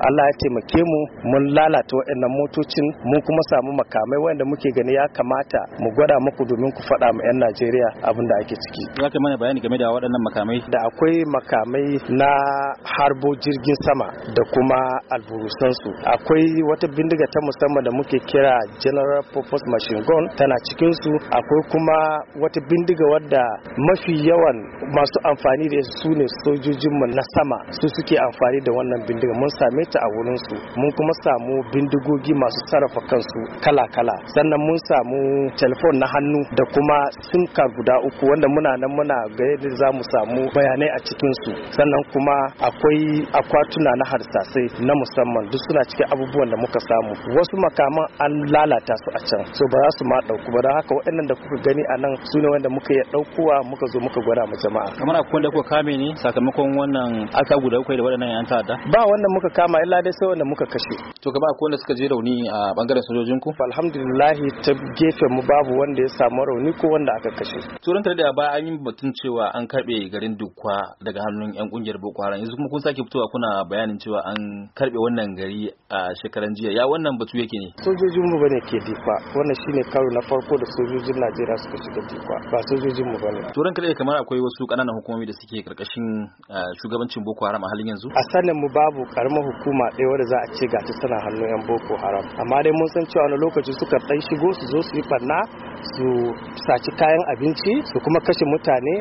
Allah ya taimake mu mun lalata waɗannan motocin mun kuma samu makamai wanda muke gani ya kamata mu gwada muku domin ku faɗa ma 'yan Najeriya abin da ake ciki. Za ka mana bayani game da waɗannan makamai? Da akwai makamai na harbo jirgin sama da kuma alburusansu. Akwai wata bindiga ta musamman da muke kira General Purpose Machine Gun tana cikin su akwai kuma wata bindiga wadda mafi yawan masu amfani da su ne sojojinmu na sama su suke amfani da wannan bindiga mun same ta a wurinsu mun kuma samu bindigogi masu sarrafa kansu kala-kala sannan mun samu telefon na hannu da kuma sim card guda uku wanda muna nan muna ga yadda za mu samu bayanai a cikinsu sannan kuma akwai akwatuna na harsasai na musamman duk suna cikin abubuwan da muka samu wasu makaman an lalata su a can so ba za su ma ɗauku ba don haka waɗannan da kuka gani a nan su ne wanda muka yi ɗaukowa muka zo muka gwada mu jama'a kamar akwai da kuka kame ne sakamakon wannan aka guda uku da waɗannan 'yan ta'adda ba wannan muka kama illa dai sai wanda muka kashe to gaba ko wanda suka je rauni a bangaren sojojin ku alhamdulillah ta gefe mu babu wanda ya samu rauni ko wanda aka kashe turan tare da ba an yi batun cewa an karbe garin Dukwa daga hannun yan kungiyar Boko Haram yanzu kuma kun sake fitowa kuna bayanin cewa an karbe wannan gari a shekaran jiya ya wannan batu yake ne sojojin mu bane ke Dukwa wannan shine karo na farko da sojojin Najeriya suka shiga Dukwa ba sojojin mu bane turan tare kamar akwai wasu kananan hukumomi da suke karkashin eh, shugabancin Boko Haram a halin yanzu a sanin mu babu karamar hukuma ɗaya wadda za a ce ga ta tana hannun yan boko haram amma dai mun san cewa wani lokaci suka ɗan shigo su zo su yi barna su saci kayan abinci su kuma kashe mutane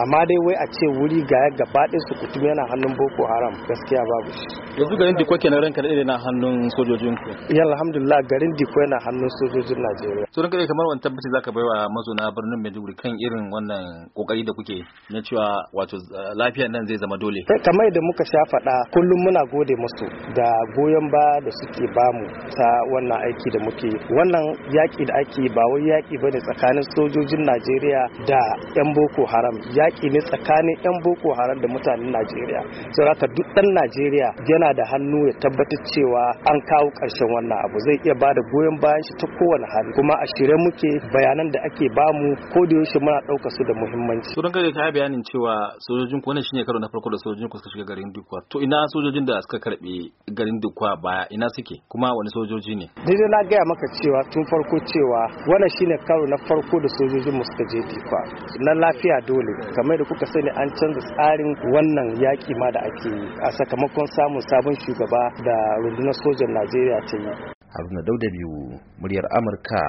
amma dai wai a ce wuri ga gaba ɗin su kutum yana hannun boko haram gaskiya babu shi yanzu garin diko kenan ranka da na hannun sojojin ku ya alhamdulillah garin diko yana hannun sojojin najeriya to ranka kamar wani tabbaci zaka bai wa mazauna birnin maiduguri kan irin wannan kokari da kuke na cewa wato lafiyar nan zai zama dole eh, kamar da muka sha faɗa kullum muna gode musu da goyon ba da suke bamu ta wannan aiki da muke wannan yaƙi da ake ba wai yaƙi bane tsakanin sojojin najeriya da yan boko haram yaƙi ne tsakanin 'yan boko haram da mutanen najeriya saboda duk ɗan najeriya yana da hannu ya tabbatar cewa an kawo ƙarshen wannan abu zai iya ba da goyon bayan shi ta kowane hali kuma a shirye muke bayanan da ake bamu ko da yaushe muna ɗauka su da muhimmanci. sauran kai ta bayanin cewa sojojin ku wannan shine karo na farko da sojojin ku suka shiga garin Dukwa. To ina sojojin da suka karbe garin Dukwa baya ina suke kuma wani sojoji ne? Daidai na gaya maka cewa tun farko cewa wannan shine karo na farko da sojojin mu suka je Dukwa. Na lafiya dole kamar da kuka sani an canza tsarin wannan yaƙi ma da ake yi a sakamakon samun sabon shugaba da rundunar sojan najeriya ta yi haruna dauda biyu muryar amurka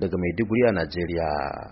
daga maiduguri a najeriya